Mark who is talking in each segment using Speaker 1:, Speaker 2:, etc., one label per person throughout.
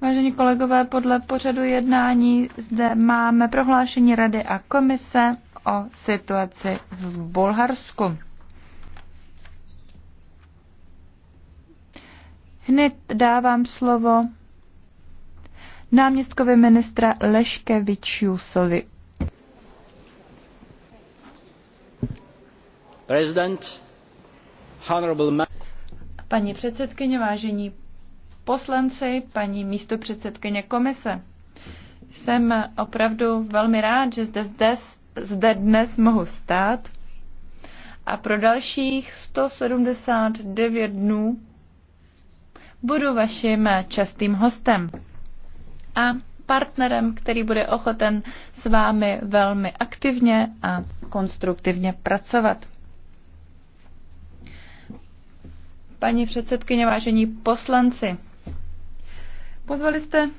Speaker 1: Vážení kolegové, podle pořadu jednání zde máme prohlášení Rady a komise o situaci v Bulharsku. Hned dávám slovo náměstkovi ministra Leškevičiusovi. President, honorable... Paní předsedkyně, vážení poslanci, paní místopředsedkyně komise. Jsem opravdu velmi rád, že zde, zde, zde dnes mohu stát a pro dalších 179 dnů budu vaším častým hostem a partnerem, který bude ochoten s vámi velmi aktivně a konstruktivně pracovat. Paní předsedkyně, vážení poslanci, Pozvali jste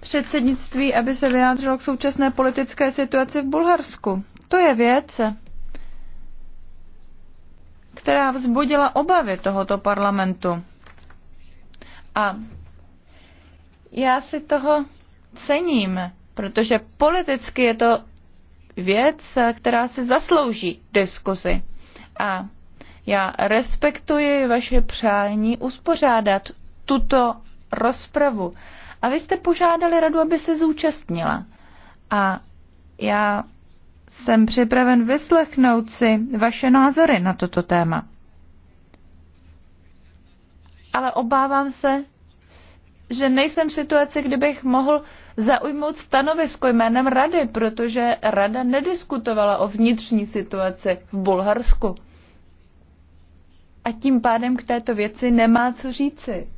Speaker 1: předsednictví, aby se vyjádřilo k současné politické situaci v Bulharsku. To je věc, která vzbudila obavy tohoto parlamentu. A já si toho cením, protože politicky je to věc, která si zaslouží diskuzi. A já respektuji vaše přání uspořádat tuto rozpravu. A vy jste požádali radu, aby se zúčastnila. A já jsem připraven vyslechnout si vaše názory na toto téma. Ale obávám se, že nejsem v situaci, kdybych mohl zaujmout stanovisko jménem rady, protože rada nediskutovala o vnitřní situaci v Bulharsku. A tím pádem k této věci nemá co říci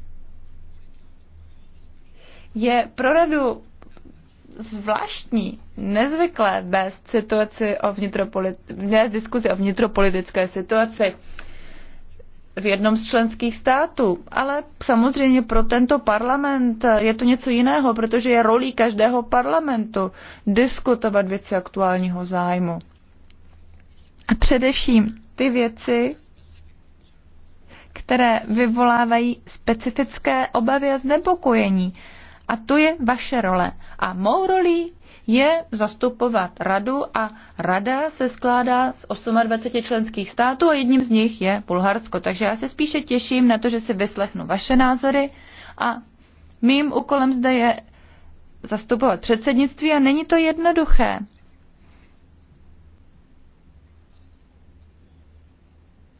Speaker 1: je pro radu zvláštní, nezvyklé bez situaci o vnitropolit- bez diskuzi o vnitropolitické situaci v jednom z členských států. Ale samozřejmě pro tento parlament je to něco jiného, protože je rolí každého parlamentu diskutovat věci aktuálního zájmu. A především ty věci, které vyvolávají specifické obavy a znepokojení. A to je vaše role. A mou rolí je zastupovat radu a rada se skládá z 28 členských států a jedním z nich je Bulharsko. Takže já se spíše těším na to, že si vyslechnu vaše názory a mým úkolem zde je zastupovat předsednictví a není to jednoduché.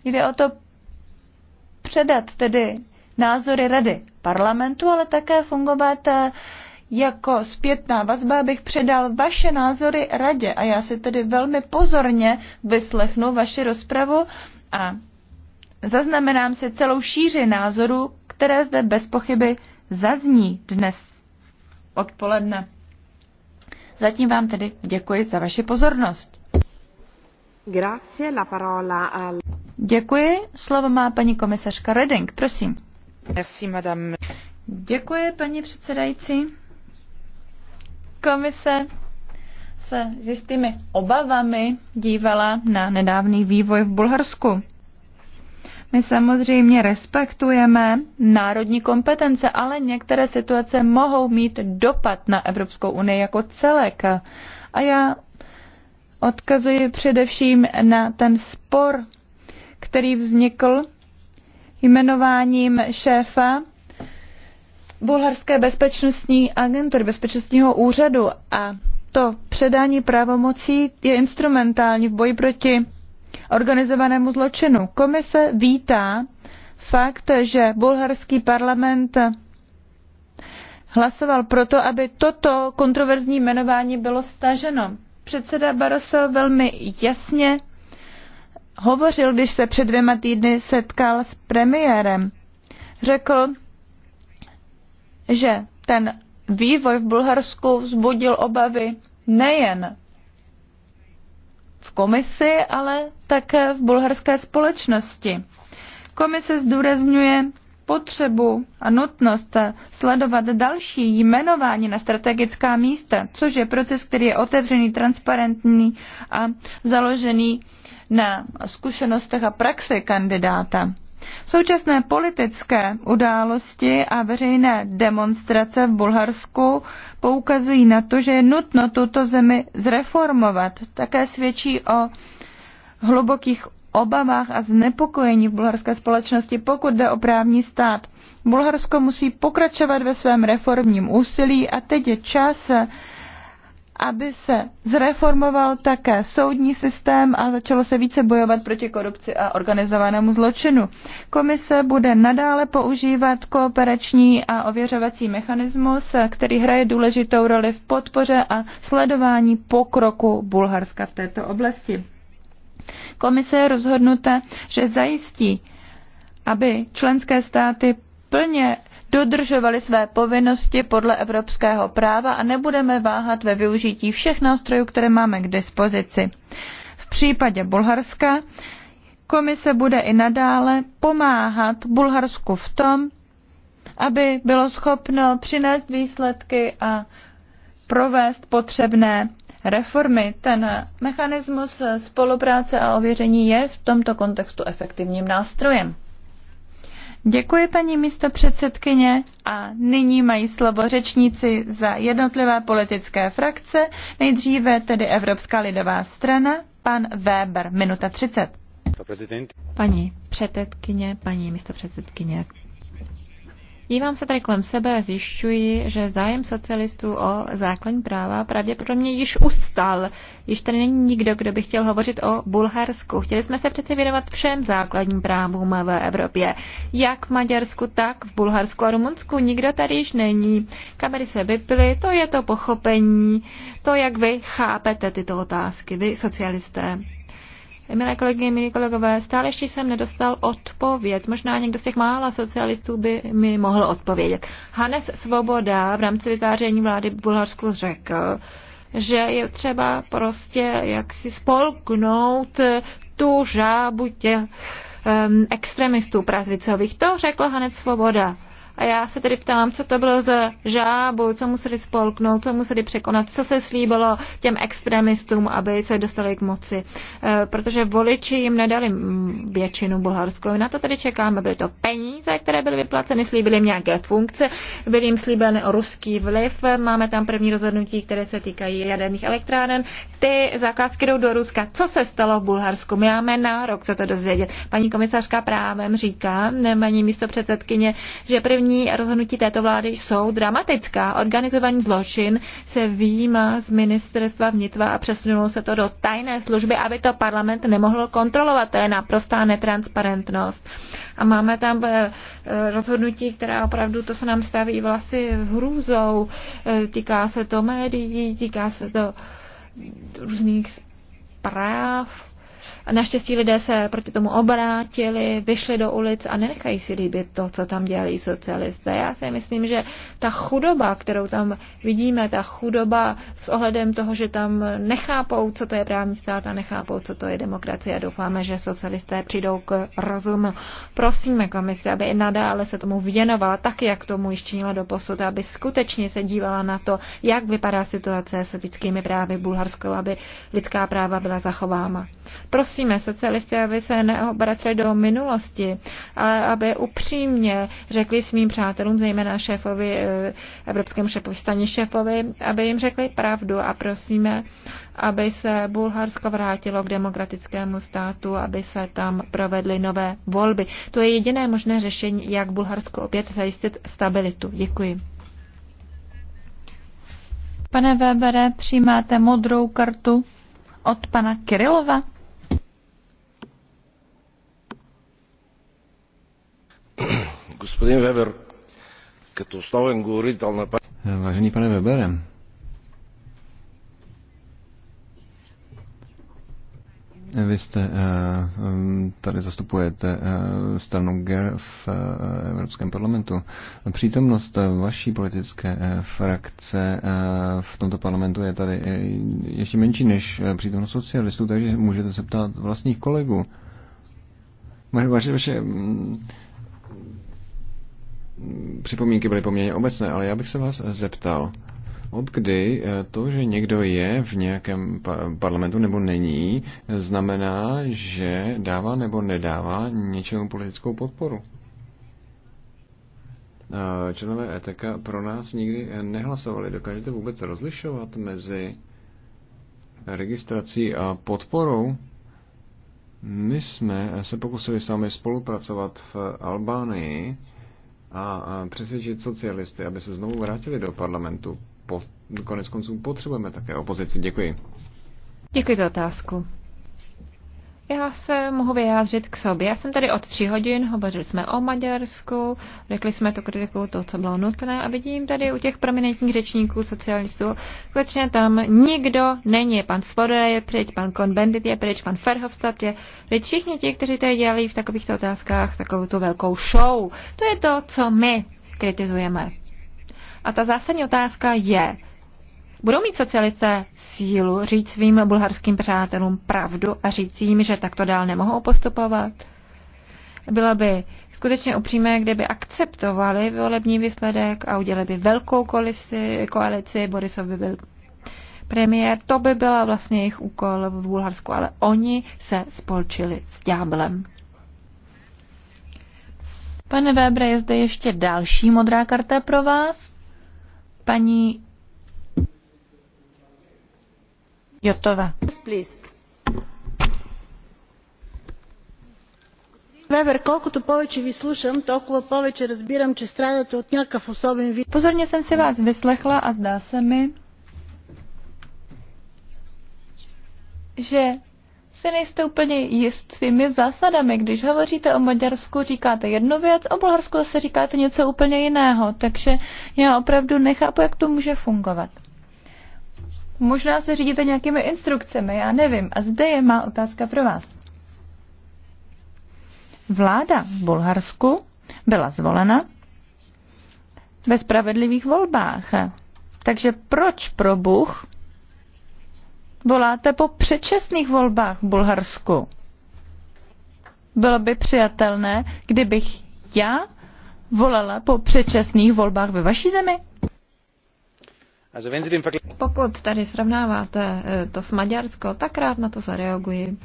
Speaker 1: Jde o to předat tedy názory Rady parlamentu, ale také fungovat eh, jako zpětná vazba, abych předal vaše názory radě. A já si tedy velmi pozorně vyslechnu vaši rozpravu a zaznamenám si celou šíři názorů, které zde bez pochyby zazní dnes odpoledne. Zatím vám tedy děkuji za vaši pozornost.
Speaker 2: Grazie, la parola al...
Speaker 1: Děkuji. Slovo má paní komisařka Reding. Prosím. Děkuji, paní předsedající. Komise se s jistými obavami dívala na nedávný vývoj v Bulharsku. My samozřejmě respektujeme národní kompetence, ale některé situace mohou mít dopad na Evropskou unii jako celek. A já odkazuji především na ten spor, který vznikl jmenováním šéfa bulharské bezpečnostní agentury, bezpečnostního úřadu a to předání pravomocí je instrumentální v boji proti organizovanému zločinu. Komise vítá fakt, že bulharský parlament hlasoval proto, aby toto kontroverzní jmenování bylo staženo. Předseda Baroso velmi jasně hovořil, když se před dvěma týdny setkal s premiérem. Řekl, že ten vývoj v Bulharsku vzbudil obavy nejen v komisi, ale také v bulharské společnosti. Komise zdůrazňuje potřebu a nutnost sledovat další jmenování na strategická místa, což je proces, který je otevřený, transparentní a založený na zkušenostech a praxi kandidáta. Současné politické události a veřejné demonstrace v Bulharsku poukazují na to, že je nutno tuto zemi zreformovat. Také svědčí o hlubokých obavách a znepokojení v bulharské společnosti, pokud jde o právní stát. Bulharsko musí pokračovat ve svém reformním úsilí a teď je čas, aby se zreformoval také soudní systém a začalo se více bojovat proti korupci a organizovanému zločinu. Komise bude nadále používat kooperační a ověřovací mechanismus, který hraje důležitou roli v podpoře a sledování pokroku Bulharska v této oblasti. Komise je rozhodnuta, že zajistí, aby členské státy plně dodržovaly své povinnosti podle evropského práva a nebudeme váhat ve využití všech nástrojů, které máme k dispozici. V případě Bulharska komise bude i nadále pomáhat Bulharsku v tom, aby bylo schopno přinést výsledky a provést potřebné reformy. Ten mechanismus spolupráce a ověření je v tomto kontextu efektivním nástrojem. Děkuji paní místo předsedkyně a nyní mají slovo řečníci za jednotlivé politické frakce, nejdříve tedy Evropská
Speaker 2: lidová strana, pan Weber, minuta 30. Paní předsedkyně, paní místo předsedkyně, Dívám se tady kolem sebe a zjišťuji, že zájem socialistů o základní práva pravděpodobně již ustal. Již tady není nikdo, kdo by chtěl hovořit o Bulharsku. Chtěli jsme se přece věnovat všem základním právům v Evropě. Jak v Maďarsku, tak v Bulharsku a Rumunsku. Nikdo tady již není. Kamery se vyply, to je to pochopení, to, jak vy chápete tyto otázky, vy socialisté. Milé kolegyně, milí kolegové, stále ještě jsem nedostal odpověď. Možná někdo z těch mála socialistů by mi mohl odpovědět. Hanes Svoboda v rámci vytváření vlády v Bulharsku řekl, že je třeba prostě jaksi spolknout tu žábu těch um, extremistů pravicových. To řekl Hanes Svoboda. A já se tedy ptám, co to bylo za žábu, co museli spolknout, co museli překonat, co se slíbilo těm extremistům, aby se dostali k moci. Eh, protože voliči jim nedali většinu bulharskou. Na to tedy čekáme. Byly to peníze, které byly vyplaceny, slíbily jim nějaké funkce, byly jim slíbeny ruský vliv. Máme tam první rozhodnutí, které se týkají jaderných elektráren. Ty zakázky jdou do Ruska. Co se stalo v Bulharsku? My máme nárok se to dozvědět. Paní komisařka právem říká, paní místo předsedkyně, že první Poslední rozhodnutí této vlády jsou dramatická. Organizovaný zločin se výjímá z ministerstva vnitra a přesunulo se to do tajné služby, aby to parlament nemohl kontrolovat. To je naprostá netransparentnost. A máme tam eh, eh, rozhodnutí, která opravdu to se nám staví vlasy hrůzou. Eh, týká se to médií, týká se to různých zpráv Naštěstí lidé se proti tomu obrátili, vyšli do ulic a nenechají si líbit to, co tam dělají socialisté. Já si myslím, že ta chudoba, kterou tam vidíme, ta chudoba s ohledem toho, že tam nechápou, co to je právní stát a nechápou, co to je demokracie a doufáme, že socialisté přijdou k rozumu. Prosíme komisi, aby i nadále se tomu věnovala tak, jak tomu již činila do posud, aby skutečně se dívala na to, jak vypadá situace s lidskými právy v Bulharsku, aby lidská práva byla zachována. Prosím prosíme socialisty, aby se neobraceli do minulosti, ale aby upřímně řekli svým přátelům, zejména šéfovi, eh, evropskému šéfovi, staně šéfovi, aby jim řekli pravdu a prosíme, aby se Bulharsko vrátilo k demokratickému státu, aby se tam provedly nové volby. To je jediné možné řešení, jak Bulharsko opět zajistit stabilitu. Děkuji. Pane Webere, přijímáte modrou kartu
Speaker 1: od pana Kirilova?
Speaker 3: Vážený pane Webere, Vy jste, tady zastupujete stranu GER v Evropském parlamentu. Přítomnost vaší politické frakce v tomto parlamentu je tady ještě menší než přítomnost socialistů, takže můžete se ptát vlastních kolegů. Vaše, vaše připomínky byly poměrně obecné, ale já bych se vás zeptal, od kdy eh, to, že někdo je v nějakém parlamentu nebo není, znamená, že dává nebo nedává něčemu politickou podporu? Eh, členové ETK pro nás nikdy eh, nehlasovali. Dokážete vůbec rozlišovat mezi registrací a podporou? My jsme se pokusili s vámi spolupracovat v Albánii a přesvědčit socialisty, aby se znovu vrátili do parlamentu. Po, konec konců potřebujeme také opozici. Děkuji.
Speaker 2: Děkuji za otázku. Já se mohu vyjádřit k sobě. Já jsem tady od tři hodin, hovořili jsme o Maďarsku, řekli jsme to kritiku, to, co bylo nutné a vidím tady u těch prominentních řečníků socialistů, skutečně tam nikdo není. Pan Svoboda je pryč, pan Bendit je pryč, pan Ferhofstadt je pryč. Všichni ti, kteří to dělají v takovýchto otázkách, takovou tu velkou show. To je to, co my kritizujeme. A ta zásadní otázka je, Budou mít socialisté sílu říct svým bulharským přátelům pravdu a říct jim, že takto dál nemohou postupovat? Byla by skutečně upřímné, kdyby akceptovali volební výsledek a udělali by velkou koalici, koalici Borisov by byl premiér. To by byla vlastně jejich úkol v Bulharsku, ale oni se spolčili s ďáblem. Pane Webre, je zde ještě další modrá karta pro vás.
Speaker 1: Paní Pozorně jsem si vás vyslechla a zdá se mi, že si nejste úplně jist svými zásadami. Když hovoříte o Maďarsku, říkáte jednu věc, o Bulharsku zase říkáte něco úplně jiného. Takže já opravdu nechápu, jak to může fungovat. Možná se řídíte nějakými instrukcemi, já nevím. A zde je má otázka pro vás. Vláda v Bulharsku byla zvolena ve spravedlivých volbách. Takže proč pro Bůh voláte po předčasných volbách v Bulharsku? Bylo by přijatelné,
Speaker 2: kdybych já volala po předčasných volbách ve vaší zemi? Pokud tady srovnáváte eh, to s Maďarsko, tak rád na to zareaguji.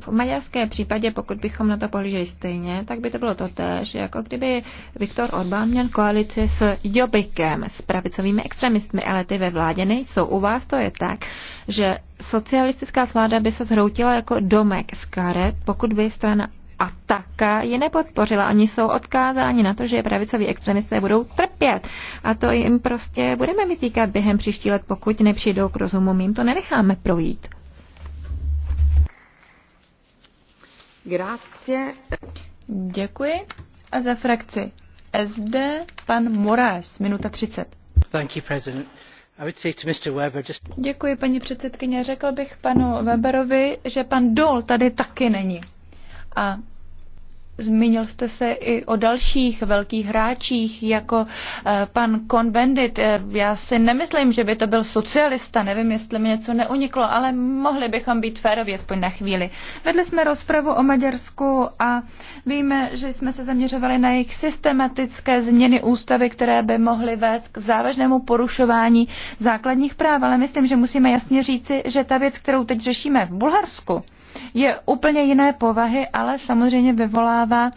Speaker 2: V maďarské případě, pokud bychom na to pohlíželi stejně, tak by to bylo totéž, jako kdyby Viktor Orbán měl koalici s Jobikem, s pravicovými extremistmi, ale ty ve vládě nejsou. U vás to je tak, že socialistická vláda by se zhroutila jako domek z karet, pokud by strana Ataka je nepodpořila. Oni jsou odkázáni na to, že pravicoví extremisté budou trpět. A to jim prostě budeme vytýkat během příští let, pokud nepřijdou k rozumu. My jim to nenecháme projít.
Speaker 1: Grazie. Děkuji. A za frakci SD pan Moraes, minuta 30. Thank you, President. Děkuji, paní předsedkyně. Řekl bych panu Weberovi, že pan Dol tady taky není. A Zmínil jste se i o dalších velkých hráčích, jako eh, pan Konbendit. Eh, já si nemyslím, že by to byl socialista, nevím, jestli mi něco neuniklo, ale mohli bychom být férově, aspoň na chvíli. Vedli jsme rozpravu o Maďarsku a víme, že jsme se zaměřovali na jejich systematické změny ústavy, které by mohly vést k závažnému porušování základních práv, ale myslím, že musíme jasně říci, že ta věc, kterou teď řešíme v Bulharsku, je úplně jiné povahy, ale samozřejmě vyvolává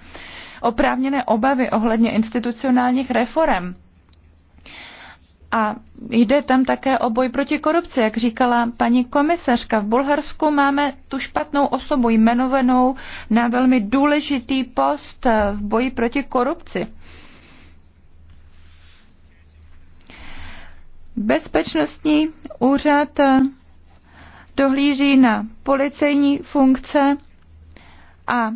Speaker 1: oprávněné obavy ohledně institucionálních reform. A jde tam také o boj proti korupci, jak říkala paní komisařka. V Bulharsku máme tu špatnou osobu jmenovanou na velmi důležitý post v boji proti korupci. Bezpečnostní úřad dohlíží na policejní funkce a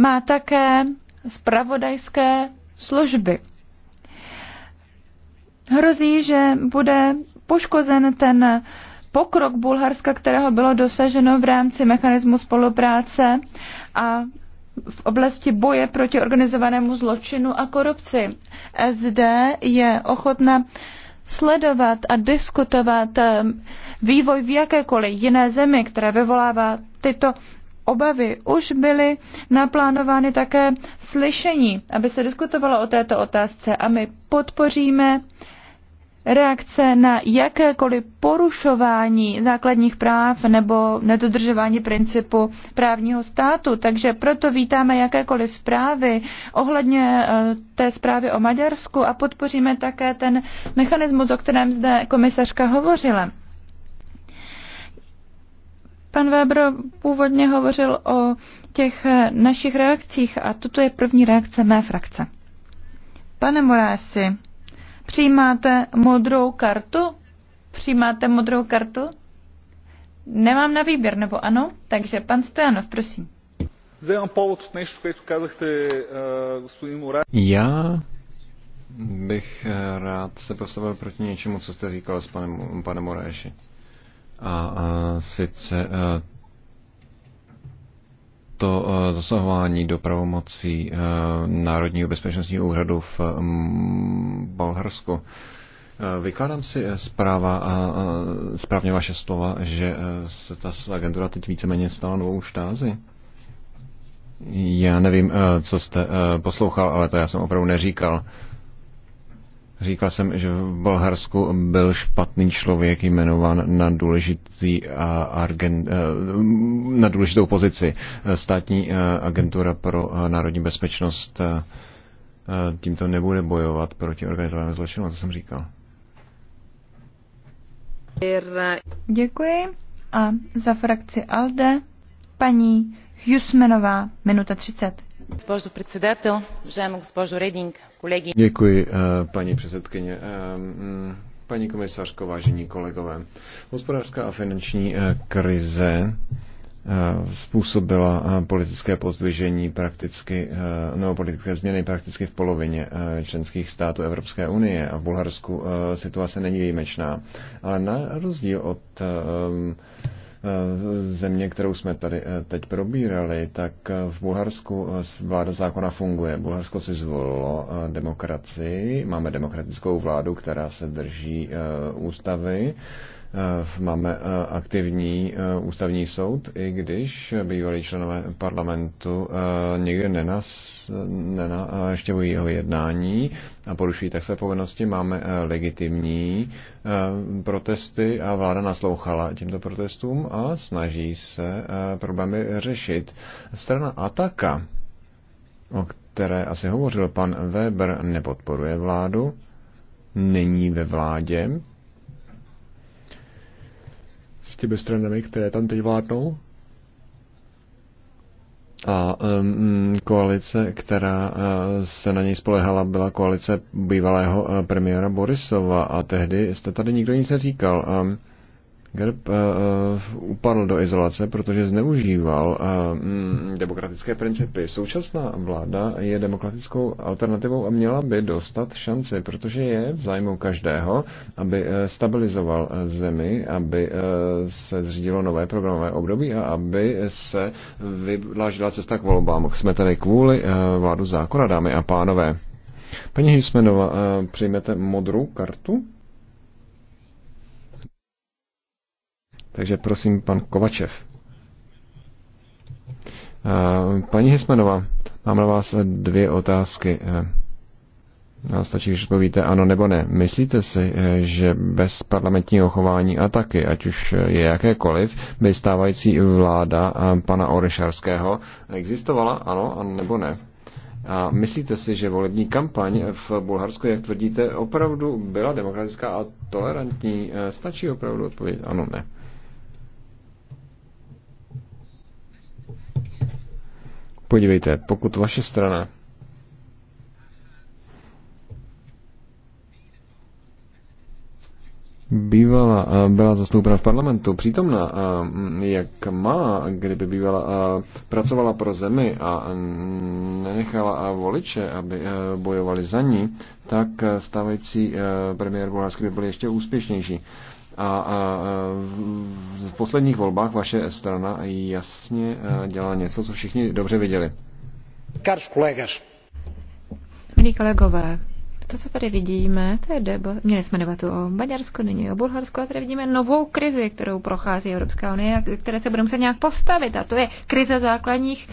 Speaker 1: má také spravodajské služby. Hrozí, že bude poškozen ten pokrok Bulharska, kterého bylo dosaženo v rámci mechanismu spolupráce a v oblasti boje proti organizovanému zločinu a korupci. SD je ochotna sledovat a diskutovat eh, vývoj v jakékoliv jiné zemi, které vyvolává tyto obavy. Už byly naplánovány také slyšení, aby se diskutovalo o této otázce a my podpoříme reakce na jakékoliv porušování základních práv nebo nedodržování principu právního státu. Takže proto vítáme jakékoliv zprávy ohledně e, té zprávy o Maďarsku a podpoříme také ten mechanismus, o kterém zde komisařka hovořila. Pan Weber původně hovořil o těch e, našich reakcích a toto je první reakce mé frakce. Pane Morási, Přijímáte modrou kartu? Přijímáte modrou kartu? Nemám na výběr, nebo ano? Takže pan Stojanov, prosím.
Speaker 3: Eh, Já bych eh, rád se postavil proti něčemu, co jste říkal s panem, panem Moraješi. A, a eh, sice a, to eh, zasahování do pravomocí eh, Národního bezpečnostního úřadu v mm, Bulharsku. Eh, vykládám si zpráva a správně vaše slova, že se ta agentura teď víceméně stala novou štázi. Já nevím, co jste poslouchal, ale to já jsem opravdu neříkal. Říkal jsem, že v Bulharsku byl špatný člověk jmenován na, důležitý argen, e, na důležitou pozici. Státní e, agentura pro e, národní bezpečnost tímto nebude bojovat proti organizovanému zločinu, to jsem říkal.
Speaker 1: Děkuji. A za frakci ALDE paní Jusmenová, minuta 30. Госпожо председател, уважаема госпожо Рединг, колеги. Děkuji,
Speaker 3: paní předsedkyně. Paní komisařko, vážení kolegové. Hospodářská a finanční e, krize e, způsobila e, politické pozdvižení prakticky, nebo politické změny prakticky v polovině členských států Evropské unie a v Bulharsku situace není výjimečná. Ale na rozdíl od Eh, země, kterou jsme tady eh, teď probírali, tak eh, v Bulharsku vláda zákona funguje. Bulharsko si zvolilo demokracii, máme demokratickou vládu, která se drží ústavy Eh, máme eh, aktivní eh, ústavní soud, i když bývalí členové parlamentu někde nenaštěvují jeho jednání a porušují tak své povinnosti. Máme legitimní protesty a vláda naslouchala těmto protestům a snaží se problémy řešit. Strana Ataka, o které asi hovořil pan Weber, nepodporuje vládu, není ve vládě, s těmi stranami, které tam teď vládnou? A um, koalice, která uh, se na něj spolehala, byla koalice bývalého uh, premiéra Borisova a tehdy jste tady nikdo nic neříkal. Um, Grb uh, upadl do izolace, protože zneužíval uh, demokratické principy. Současná vláda je demokratickou alternativou a měla by dostat šanci, protože je v zájmu každého, aby uh, stabilizoval zemi, aby uh, se zřídilo nové programové období a aby se vydlážila cesta k volbám. Jsme tady kvůli uh, vládu zákona, dámy a pánové. Paní Hismenova, uh, přijmete modrou kartu? Takže prosím, pan Kovačev. Eh, paní Hismanova, mám na vás dvě otázky. Eh, stačí, když odpovíte ano nebo ne. Myslíte si, eh, že bez parlamentního chování a taky, ať už je jakékoliv, by stávající vláda pana Orešarského existovala ano a nebo ne? A myslíte si, že volební kampaň v Bulharsku, jak tvrdíte, opravdu byla demokratická a tolerantní? Stačí opravdu odpovědět ano, ne. podívejte, pokud vaše strana bývala, byla zastoupena v parlamentu, přítomna, jak má, kdyby bývala, pracovala pro zemi a nenechala voliče, aby e, bojovali za ní, tak e, stávající e, premiér Bulharský by byl ještě úspěšnější. A, v posledních volbách vaše strana jasně e, dělá něco, co všichni dobře viděli. Cars kolegas.
Speaker 2: Milí kolegové, to, co tady vidíme, to je debo, měli jsme debatu o Maďarsku, nyní o Bulharsku a tady vidíme novou krizi, kterou prochází Evropská unie, které se budeme muset nějak postavit. A to je krize základních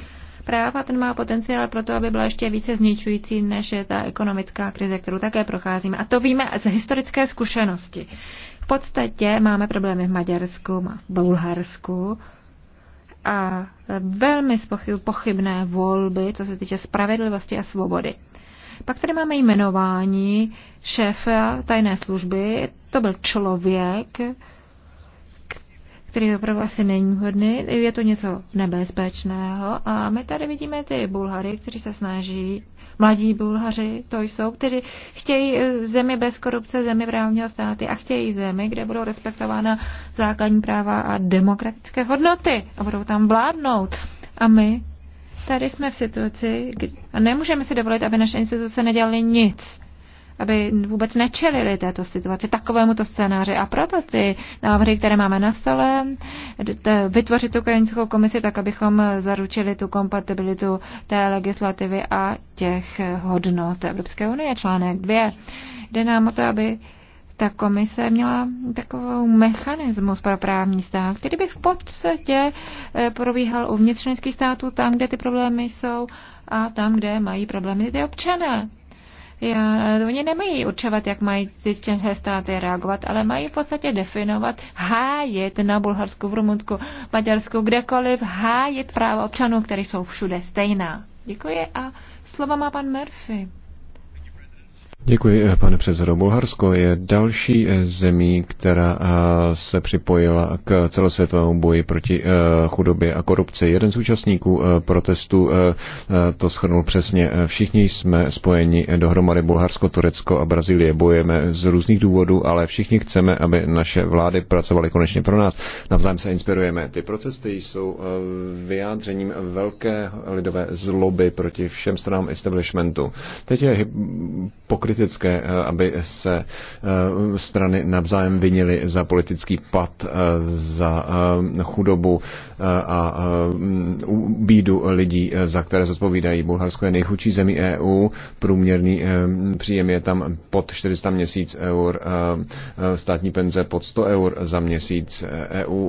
Speaker 2: práv a ten má potenciál pro to, aby byla ještě více zničující, než je ta ekonomická krize, kterou také procházíme. A to víme z historické zkušenosti podstatě máme problémy v Maďarsku, v Bulharsku a velmi pochybné volby, co se týče spravedlivosti a svobody. Pak tady máme jmenování šéfa tajné služby. To byl člověk, který opravdu asi není hodný. Je to něco nebezpečného a my tady vidíme ty Bulhary, kteří se snaží mladí Bulhaři to jsou, kteří chtějí eh, zemi bez korupce, zemi právního státy a chtějí zemi, kde budou respektována základní práva a demokratické hodnoty a budou tam vládnout. A my tady jsme v situaci, kdy, a nemůžeme si dovolit, aby naše instituce nedělaly nic aby vůbec nečelili této situaci, takovému to scénáři. A proto ty návrhy, které máme na stole, vytvořit tu krajinskou komisi tak, abychom zaručili tu kompatibilitu té legislativy a těch hodnot Evropské unie, článek 2. Jde nám o to, aby ta komise měla takovou mechanismus pro právní stát, který by v podstatě eh, probíhal uvnitř členských států tam, kde ty problémy jsou a tam, kde mají problémy ty občané. Já, eh, oni nemají určovat, jak mají ty členské státy reagovat, ale mají v podstatě definovat, hájit na Bulharsku, v Rumunsku, Maďarsku, kdekoliv, hájit práva občanů, které jsou všude stejná. Děkuji a slova má pan Murphy.
Speaker 3: Děkuji, eh, pane předsedo. Bulharsko je další eh, zemí, která eh, se připojila k celosvětovému boji proti chudobě a korupci. Jeden z účastníků protestu to schrnul přesně. Všichni jsme spojeni dohromady Bulharsko, Turecko a Brazílie. Bojujeme z různých důvodů, ale všichni chceme, aby naše vlády pracovaly konečně pro nás. Navzájem se inspirujeme. Ty protesty jsou vyjádřením velké lidové zloby proti všem stranám establishmentu. Teď je pokryt kritické, eh, aby se eh, strany navzájem vinily za politický pad, eh, za chudobu a bídu lidí, za které zodpovídají. Bulharsko je nejchudší zemí EU, průměrný příjem je tam pod 400 měsíc eur, státní penze pod 100 eur za měsíc. EU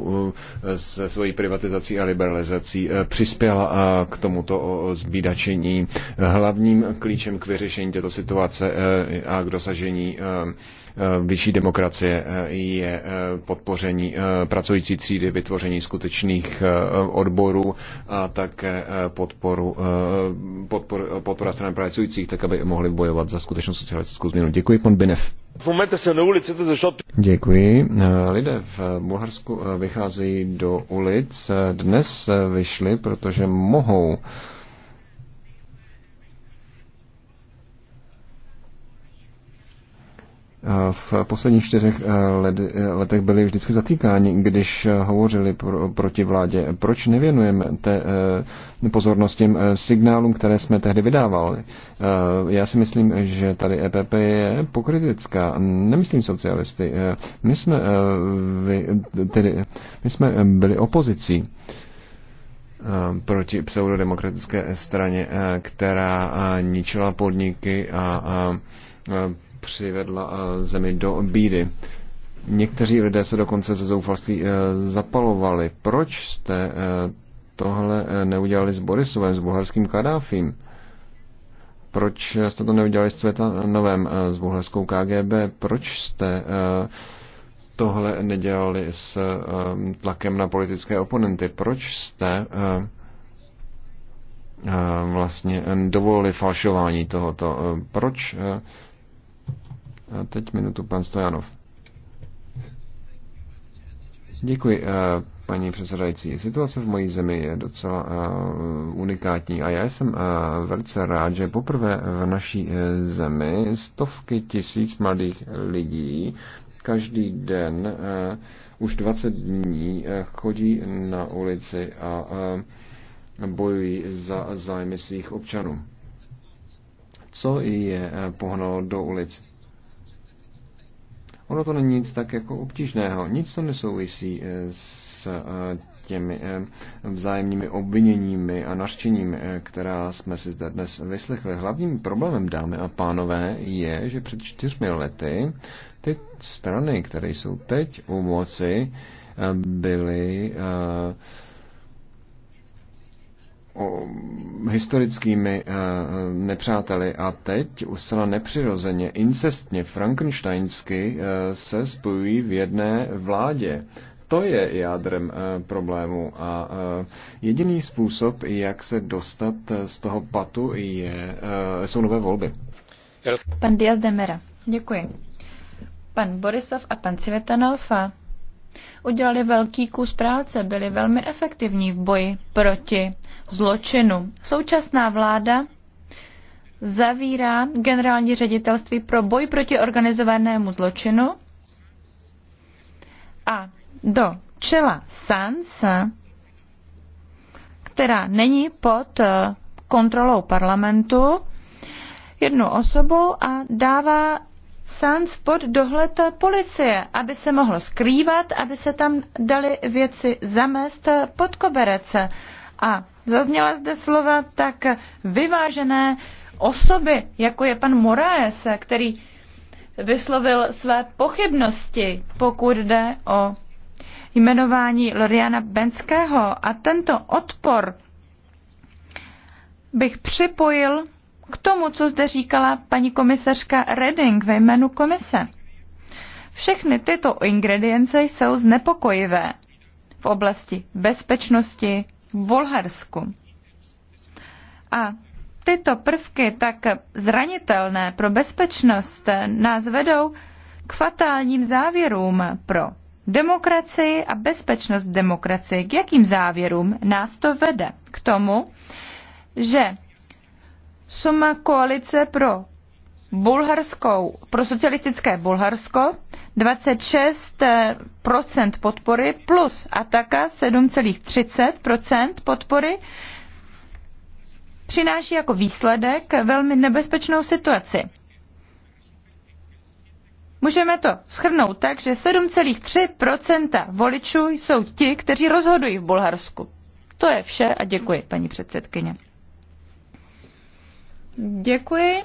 Speaker 3: e se svojí privatizací a liberalizací přispěla k tomuto zbídačení. Hlavním klíčem k vyřešení této situace a k dosažení eh, eh, vyšší demokracie eh, je podpoření pracující třídy, vytvoření skutečných odborů a také podporu, podpor, podpora stran pracujících, tak aby mohli bojovat za skutečnou socialistickou změnu. Děkuji, pan Binev. Děkuji. Lidé v Bulharsku vycházejí do ulic. Dnes vyšli, protože mohou v posledních čtyřech eh, eh, letech byli vždycky zatýkáni, když eh, hovořili pro, proti vládě. Proč nevěnujeme té pozornost těm signálům, které jsme tehdy vydávali? Já si myslím, že tady EPP je pokritická. Nemyslím socialisty. My jsme, tedy, my jsme byli opozicí proti pseudodemokratické straně, která ničila podniky a přivedla eh, zemi do bídy. Někteří lidé se dokonce ze zoufalství eh, zapalovali. Proč jste eh, tohle neudělali s Borisovem, s bulharským Kadáfím? Proč jste to neudělali s Cvetanovem, s bulharskou KGB? Proč jste tohle nedělali s tlakem na politické oponenty? Proč jste vlastně dovolili falšování tohoto? Proč a teď minutu pan Stojanov. Děkuji, eh, paní předsedající. Situace v mojí zemi je docela eh, unikátní a já jsem eh, velice rád, že poprvé v naší zemi stovky tisíc mladých lidí každý den už 20 dní chodí na ulici a bojují za zájmy svých občanů. Co je pohnalo do ulic? Ono to není nic tak jako obtížného. Nic to nesouvisí eh, s eh, těmi eh, vzájemnými obviněními a nařčeními, která jsme si zde dnes vyslechli. Hlavním problémem, dámy a pánové, je, že před čtyřmi lety ty strany, které jsou teď u moci, byly uh, o, historickými eh, eh, nepřáteli a teď zcela nepřirozeně, incestně, frankensteinsky eh, se spojují v jedné vládě to je jádrem problému a jediný způsob, jak se dostat z toho patu, je, jsou nové volby.
Speaker 1: Pan Diaz de Mera, děkuji. Pan Borisov a pan Civetanov Udělali velký kus práce, byli velmi efektivní v boji proti zločinu. Současná vláda zavírá generální ředitelství pro boj proti organizovanému zločinu a do čela SANS, která není pod eh, kontrolou parlamentu, jednu osobu a dává Assange pod dohled policie, aby se mohlo skrývat, aby se tam dali věci zamést pod koberec. A zazněla zde slova tak vyvážené osoby, jako je pan Moraes, který vyslovil své pochybnosti, pokud jde o jmenování Loriana Benského. A tento odpor bych připojil k tomu, co zde říkala paní komisařka Reding ve jménu komise. Všechny tyto ingredience jsou znepokojivé v oblasti bezpečnosti v Bulharsku. A tyto prvky tak zranitelné pro bezpečnost nás vedou k fatálním závěrům pro demokracii a bezpečnost demokracie. K jakým závěrům nás to vede? K tomu, že Soma koalice pro bulharskou, pro socialistické Bulharsko 26% eh, podpory plus Ataka 7,30% podpory přináší jako výsledek velmi nebezpečnou situaci. Můžeme to shrnout tak, že 7,3% voličů jsou ti, kteří rozhodují v Bulharsku. To je vše a děkuji, paní předsedkyně. Děkuji.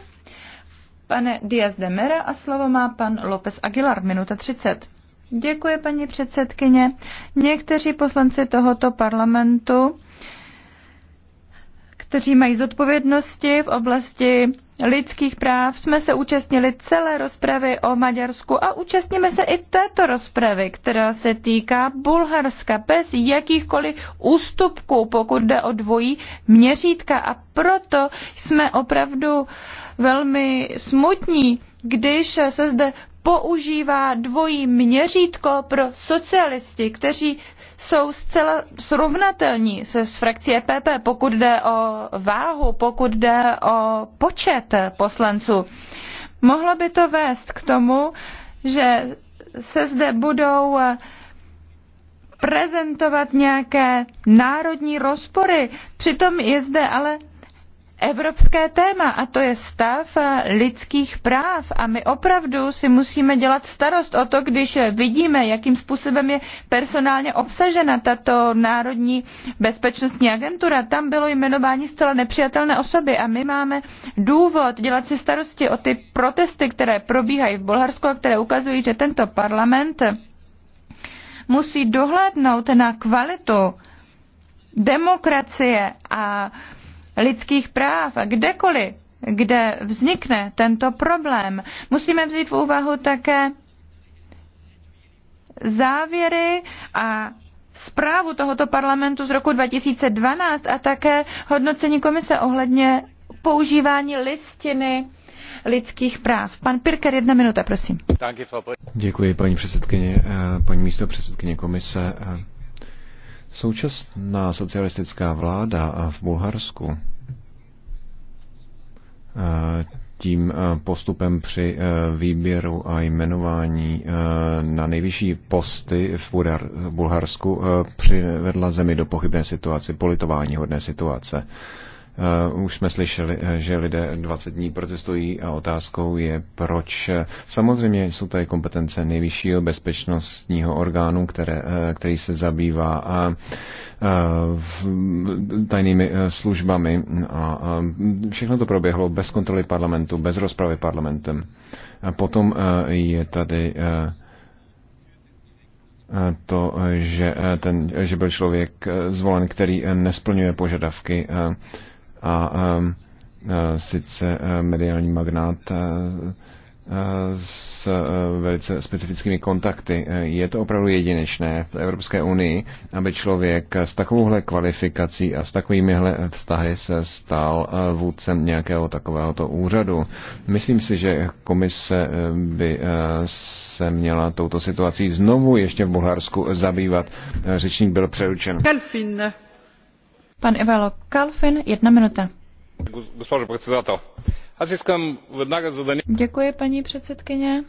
Speaker 1: Pane Diaz de Mera a slovo má pan López Aguilar, minuta 30. Děkuji, paní předsedkyně. Někteří poslanci tohoto parlamentu kteří mají zodpovědnosti v oblasti lidských práv, jsme se účastnili celé rozpravy o Maďarsku a účastníme se i této rozpravy, která se týká Bulharska bez jakýchkoliv ústupků, pokud jde o dvojí měřítka. A proto jsme opravdu velmi smutní, když se zde používá dvojí měřítko pro socialisty, kteří jsou zcela srovnatelní se s frakcí EPP, pokud jde o váhu, pokud jde o počet poslanců. Mohlo by to vést k tomu, že se zde budou eh, prezentovat nějaké národní rozpory. Přitom je zde ale evropské téma a to je stav lidských práv. A my opravdu si musíme dělat starost o to, když vidíme, jakým způsobem je personálně obsažena tato národní bezpečnostní agentura. Tam bylo jmenování zcela nepřijatelné osoby a my máme důvod dělat si starosti o ty protesty, které probíhají v Bulharsku a které ukazují, že tento parlament musí dohlédnout na kvalitu demokracie a lidských práv kdekoliv, kde vznikne tento problém. Musíme vzít v úvahu také závěry a zprávu tohoto parlamentu z roku 2012 a také hodnocení komise ohledně používání listiny lidských práv. Pan Pirker, jedna minuta, prosím.
Speaker 3: Děkuji, paní předsedkyně, eh, paní místo předsedkyně komise. Eh, Současná socialistická vláda v Bulharsku eh, tím eh, postupem při eh, výběru a jmenování na nejvyšší posty v Bulharsku přivedla zemi do pochybné situace, politování hodné situace. Eh, už jsme slyšeli, eh, že lidé 20 dní protestují a otázkou je proč. Samozřejmě jsou tady kompetence nejvyššího bezpečnostního orgánu, které, eh, který se zabývá a tajnými službami a všechno to proběhlo bez kontroly parlamentu, bez rozpravy parlamentem. A potom je tady to, že, ten, že byl člověk zvolen, který nesplňuje požadavky a e, sice e, mediální magnát e, s velice specifickými kontakty. Je to opravdu jedinečné v Evropské unii, aby člověk s takovouhle kvalifikací a s takovýmihle vztahy se stal vůdcem nějakého takovéhoto úřadu. Myslím si, že komise by se měla touto situací znovu ještě v Bulharsku zabývat. Řečník byl přeručen.
Speaker 1: Pan Ivalo Kalfin, jedna minuta. Děkuji, paní předsedkyně.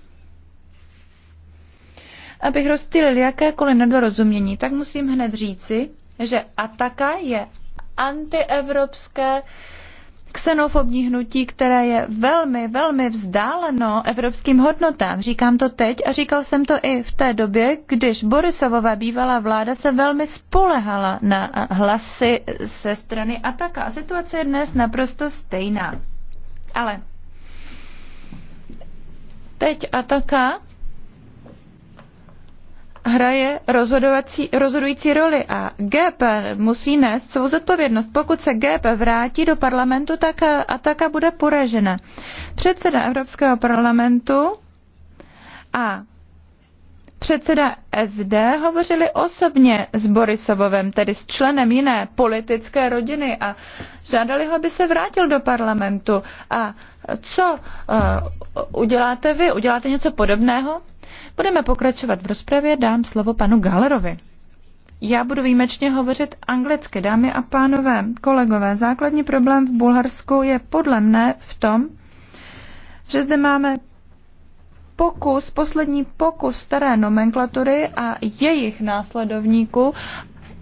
Speaker 1: Abych rozptýlil jakékoliv nedorozumění, tak musím hned říci, že Ataka je antievropské xenofobní hnutí, které je velmi, velmi vzdáleno evropským hodnotám. Říkám to teď a říkal jsem to i v té době, když Borisovová bývalá vláda se velmi spolehala na hlasy ze strany Ataka. A situace je dnes naprosto stejná. Ale teď Ataka hraje rozhodující roli a GP musí nést svou zodpovědnost. Pokud se GP vrátí do parlamentu, tak ataka bude poražena. Předseda Evropského parlamentu a předseda SD hovořili osobně s Borisovovem, tedy s členem jiné politické rodiny a žádali ho, aby se vrátil do parlamentu. A co uh, uděláte vy? Uděláte něco podobného? Budeme pokračovat v rozpravě, dám slovo panu Galerovi. Já budu výjimečně hovořit anglicky, dámy a pánové, kolegové. Základní problém v Bulharsku je podle mne v tom, že zde máme pokus, poslední pokus staré nomenklatury a jejich následovníků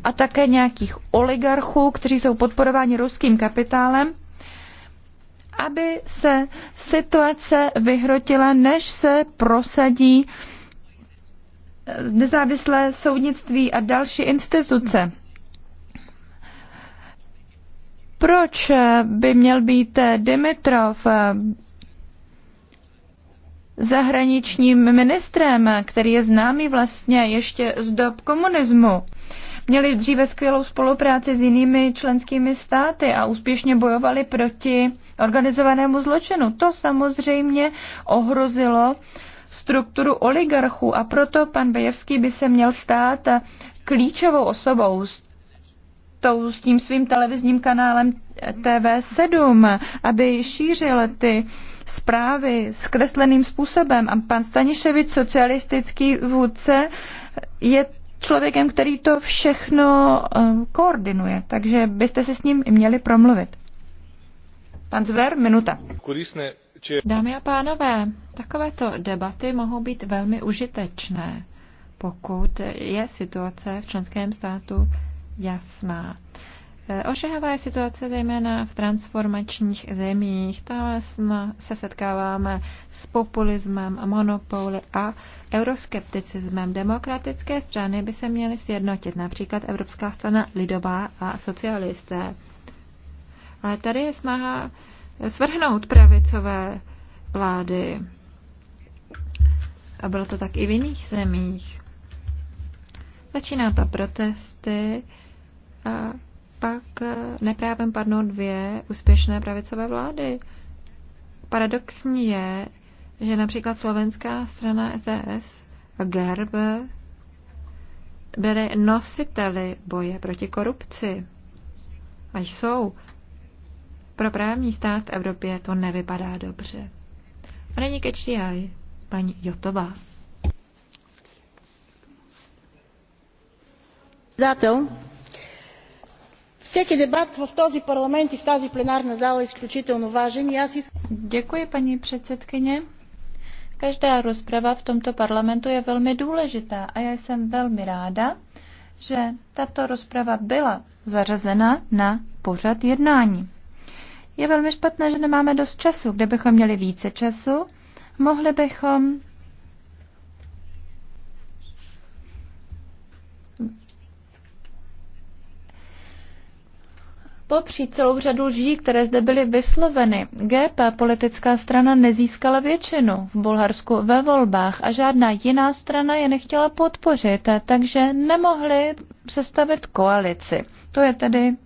Speaker 1: a také nějakých oligarchů, kteří jsou podporováni ruským kapitálem, aby se situace vyhrotila, než se prosadí nezávislé soudnictví a další instituce. Proč by měl být Dimitrov zahraničním ministrem, který je známý vlastně ještě z dob komunismu. Měli dříve skvělou spolupráci s jinými členskými státy a úspěšně bojovali proti organizovanému zločinu. To samozřejmě ohrozilo strukturu oligarchů a proto pan Bejevský by se měl stát klíčovou osobou s, tou, s tím svým televizním kanálem TV7, aby šířil ty uh, zprávy zkresleným způsobem. A pan Staniševič, socialistický vůdce, je člověkem, který to všechno eh, koordinuje, takže byste se s ním měli promluvit. Pan Zver, minuta.
Speaker 2: Dámy a pánové, takovéto debaty mohou být velmi užitečné, pokud je situace v členském státu jasná. Ošehavá je situace zejména v transformačních zemích. Tam se setkáváme s populismem, monopoly a euroskepticismem. Demokratické strany by se měly sjednotit, například Evropská strana lidová a socialisté. Ale tady je snaha svrhnout pravicové vlády. A bylo to tak i v jiných zemích. Začíná to protesty a pak eh, neprávem padnou dvě úspěšné pravicové vlády. Paradoxní je, že například slovenská strana SDS a GERB byly nositeli boje proti korupci. A jsou. Pro právní stát v Evropě to nevypadá dobře. A není ke paní Jotová.
Speaker 3: Dátou
Speaker 1: Всеки дебат в този парламент и в тази пленарна зала е изключително важен и аз искам... Děkuji, paní předsedkyně. Každá rozprava v tomto parlamentu je velmi důležitá a já jsem velmi ráda, že tato rozprava byla zařazena na pořad jednání. Je velmi špatné, že nemáme dost času. Kdybychom měli více času, mohli bychom popřít celou řadu lží, které zde byly vysloveny. GP, politická strana, nezískala většinu v Bulharsku ve volbách a žádná jiná strana je nechtěla podpořit, takže nemohli sestavit koalici. To je tedy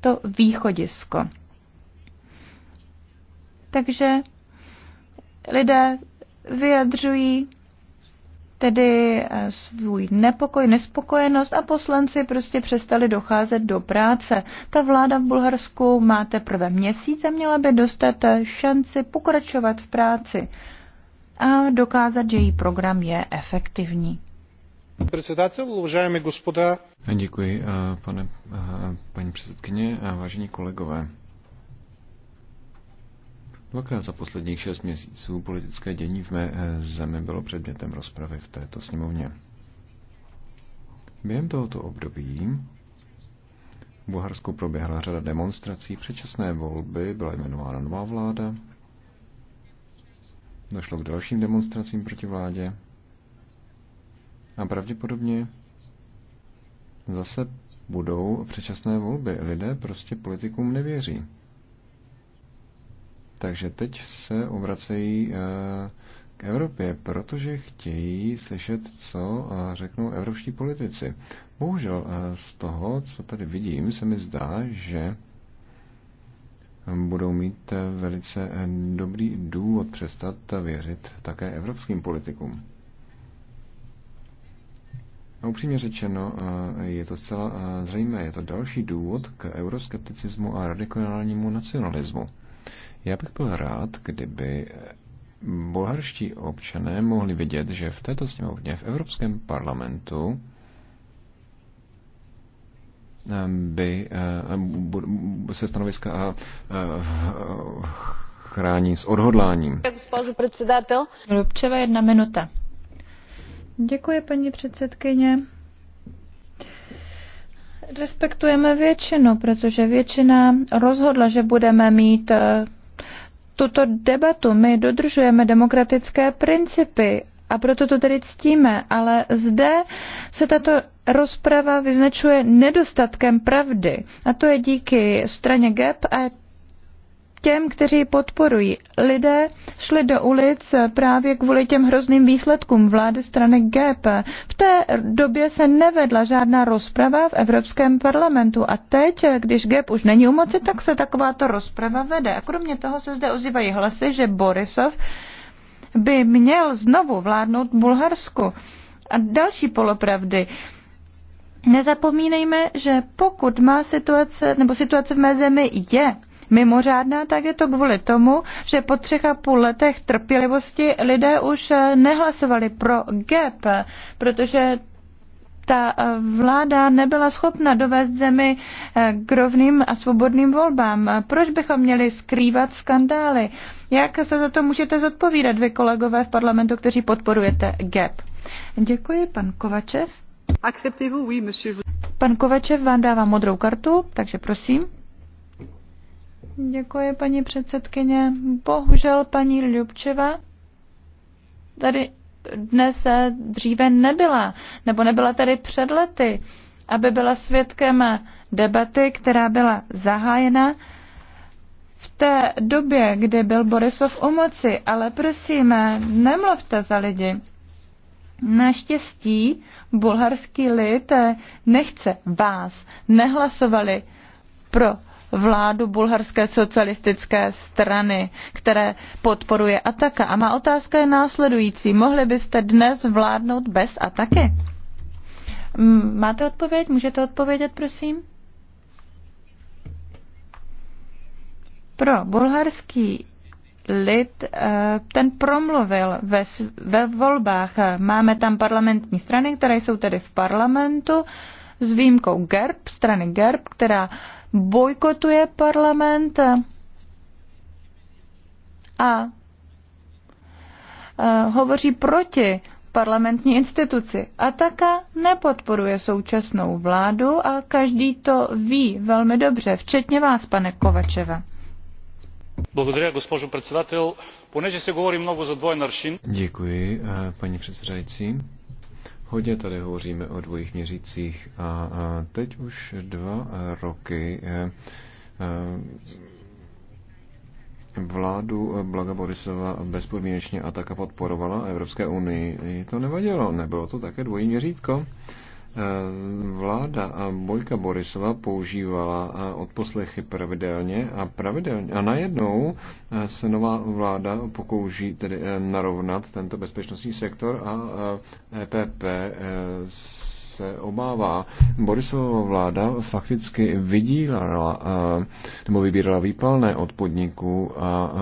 Speaker 1: to východisko. Takže lidé vyjadřují tedy eh, svůj nepokoj, nespokojenost a poslanci prostě přestali docházet do práce. Ta vláda v Bulharsku má teprve měsíc a měla by dostat eh, šanci pokračovat v práci a dokázat, že její program je efektivní.
Speaker 3: Předsedatel, Děkuji, eh, pane, paní předsedkyně a vážení kolegové. Dvakrát za posledních šest měsíců politické dění v mé eh, zemi bylo předmětem rozpravy v této sněmovně. Během tohoto období v Bulharsku proběhla řada demonstrací, předčasné volby, byla jmenována nová vláda, došlo k dalším demonstracím proti vládě a pravděpodobně zase budou předčasné volby. Lidé prostě politikům nevěří. Takže teď se obracejí eh, k Evropě, protože chtějí slyšet, co eh, řeknou evropští politici. Bohužel eh, z toho, co tady vidím, se mi zdá, že budou mít velice dobrý důvod přestat věřit také evropským politikům. A no, upřímně řečeno, je to zcela zřejmé, je to další důvod k euroskepticismu a radikálnímu nacionalismu. Já bych byl rád, kdyby bulharští občané mohli vidět, že v této sněmovně, v Evropském parlamentu, by eh, se stanoviska eh, eh, chrání s odhodláním.
Speaker 1: Lubčeva jedna minuta. Děkuji, paní předsedkyně. Respektujeme většinu, protože většina rozhodla, že budeme mít tuto debatu. My dodržujeme demokratické principy a proto to tedy ctíme, ale zde se tato rozprava vyznačuje nedostatkem pravdy. A to je díky straně GEP a e těm, kteří podporují. Lidé šli do ulic právě kvůli těm hrozným výsledkům vlády strany GP. V té době se nevedla žádná rozprava v Evropském parlamentu a teď, když GEP už není u moci, tak se takováto rozprava vede. A kromě toho se zde ozývají hlasy, že Borisov by měl znovu vládnout Bulharsku. A další polopravdy. Nezapomínejme, že pokud má situace, nebo situace v mé zemi je mimořádná, tak je to kvůli tomu, že po třech a půl letech trpělivosti lidé už eh, nehlasovali pro GEP, protože ta eh, vláda nebyla schopna dovést zemi eh, k rovným a svobodným volbám. Proč bychom měli skrývat skandály? Jak se za to můžete zodpovídat vy kolegové v parlamentu, kteří podporujete GEP? Děkuji, pan Kovačev. Pan Kovačev vám dává modrou kartu, takže prosím. Děkuji, paní předsedkyně. Bohužel paní Ljubčeva tady dnes eh, dříve nebyla, nebo nebyla tady před lety, aby byla svědkem debaty, která byla zahájena v té době, kdy byl Borisov u moci. Ale prosím, eh, nemluvte za lidi. Naštěstí bulharský lid eh, nechce vás. Nehlasovali pro vládu bulharské socialistické strany, které podporuje Ataka. A má otázka je následující. Mohli byste dnes vládnout bez Ataky? Máte odpověď? Můžete odpovědět, prosím? Pro bulharský lid eh, ten promluvil ve, ve volbách. Máme tam parlamentní strany, které jsou tedy v parlamentu, s výjimkou GERB, strany GERB, která bojkotuje parlament a hovoří proti parlamentní instituci a také nepodporuje současnou vládu a každý to ví velmi dobře, včetně vás, pane Kovačeva.
Speaker 3: Děkuji, eh, paní předsedající. Hodně tady hovoříme o dvojích měřících a teď už dva roky eh, eh, vládu Blaga Borisova bezpodmínečně ataka podporovala Evropské unii. To nevadilo, nebylo to také dvojí měřítko. Eh, vláda Bojka Borisova používala eh, odposlechy pravidelně a, pravidelně, a najednou eh, se nová vláda pokouší tedy narovnat tento bezpečnostní sektor a EPP e se obává. Borisova vláda fakticky vydílala nebo vybírala výpalné od podniků a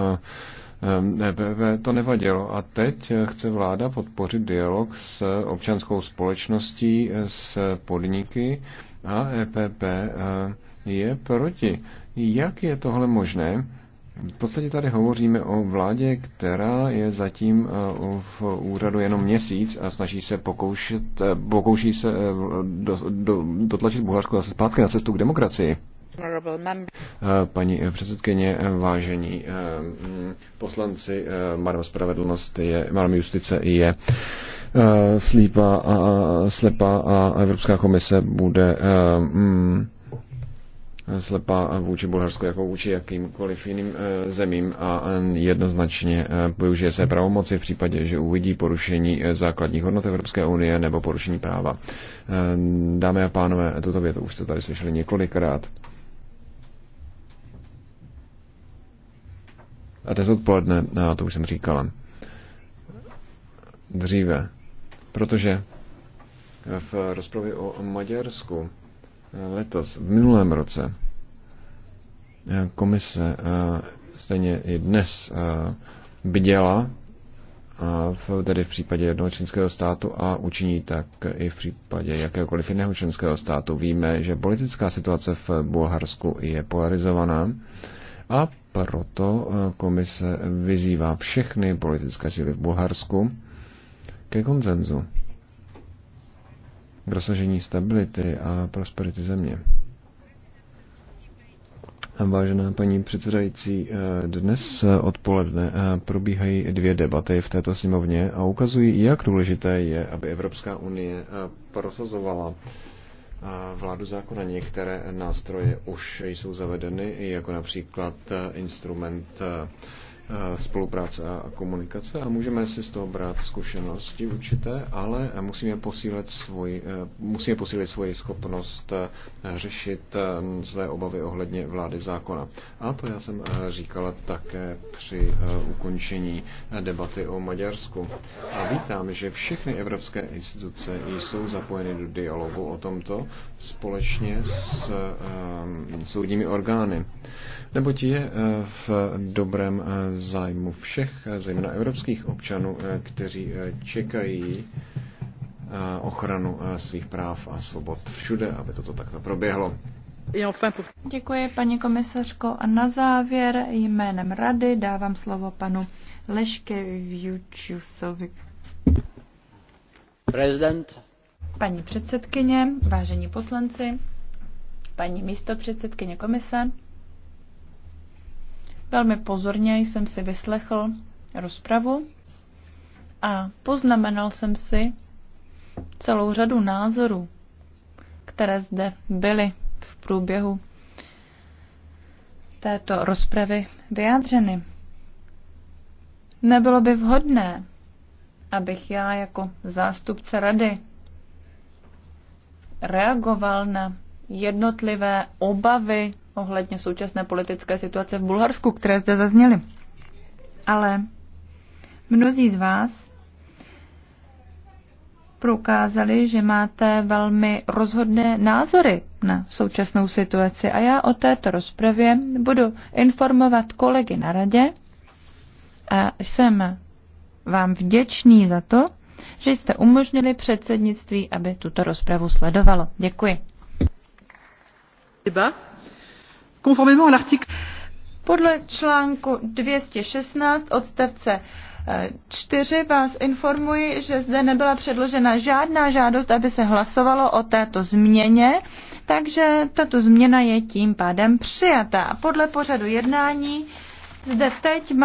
Speaker 3: Ehm, VV to nevadilo. A teď eh, chce vláda podpořit dialog s občanskou společností, eh, s podniky a EPP eh, je proti. Jak je tohle možné? V podstatě tady hovoříme o vládě, která je zatím v úřadu jenom měsíc a snaží se pokoušet, pokouší se do, do, dotlačit Bulharsko zase zpátky na cestu k demokracii. Eh, paní předsedkyně, eh, vážení eh, poslanci, Madam Spravedlnost je, Madam Justice je slípa a slepa a Evropská komise bude mm, slepá vůči Bulharsku jako vůči jakýmkoliv jiným zemím a jednoznačně použije se pravomoci v případě, že uvidí porušení základních hodnot Evropské unie nebo porušení práva. Dámy a pánové, tuto větu už jste tady slyšeli několikrát. a dnes odpoledne, a to už jsem říkal dříve, protože v rozpravě o Maďarsku eh, letos, v minulém roce, eh, komise eh, stejně i dnes bděla v, tedy v případě jednoho členského státu a učiní tak i v případě jakéhokoliv jiného členského státu. Víme, že politická situace v Bulharsku je polarizovaná a proto eh, komise vyzývá všechny politické síly v Bulharsku ke konsenzu k dosažení stability a prosperity země. Vážená paní předsedající, eh, dnes odpoledne eh, probíhají dvě debaty v této sněmovně a ukazují, jak důležité je, aby Evropská unie prosazovala vládu zákona. Některé nástroje už jsou zavedeny, jako například instrument eh, Eh, spolupráce a komunikace a můžeme si z toho brát zkušenosti určité, ale musíme posílit svoji, eh, musíme posílit svoji schopnost eh, řešit své obavy ohledně vlády zákona. A to já jsem říkala také při ukončení debaty o Maďarsku. A vítám, že všechny evropské instituce jsou zapojeny do dialogu o tomto společně s soudními orgány. Neboť je v dobrém zájmu všech, zejména evropských občanů, eh, kteří eh, čekají eh, ochranu svých práv a svobod všude, aby toto takto proběhlo.
Speaker 1: Děkuji, paní komisařko. A na závěr jménem rady dávám slovo panu Leške Vjučusovi.
Speaker 2: Prezident.
Speaker 1: Paní předsedkyně, vážení poslanci, paní místopředsedkyně komise, Velmi pozorně jsem si vyslechl rozpravu a poznamenal jsem si celou řadu názorů, které zde byly v průběhu této rozpravy vyjádřeny. Nebylo by vhodné, abych já jako zástupce rady reagoval na jednotlivé obavy ohledně současné politické situace v Bulharsku, které zde zazněly. Ale mnozí z vás prokázali, že máte velmi rozhodné názory na současnou situaci a já o této rozpravě budu informovat kolegy na radě a jsem vám vděčný za to, že jste umožnili předsednictví, aby tuto rozpravu sledovalo. Děkuji. Deba. Conformément à l'article podle článku 216 odstavce 4 eh, vás informuji, že zde nebyla předložena žádná žádost, aby se hlasovalo o této změně, takže tato změna je tím pádem přijatá. Podle pořadu jednání zde teď má